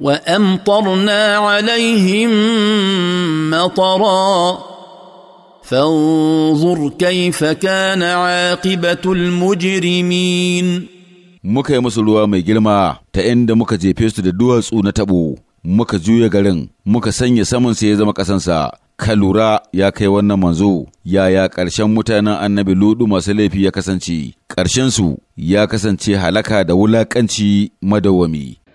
وامطرنا عليهم مطرا فانظر كيف كان عاقبه المجرمين muka yi musu ruwa mai girma ta inda muka jefe su da duwatsu na taɓo muka juya garin muka sanya saman sai ya zama ƙasansa ka lura ya kai wannan manzo yaya ƙarshen mutanen annabi ludu masu laifi ya kasance su ya kasance halaka da wulaƙanci madawwami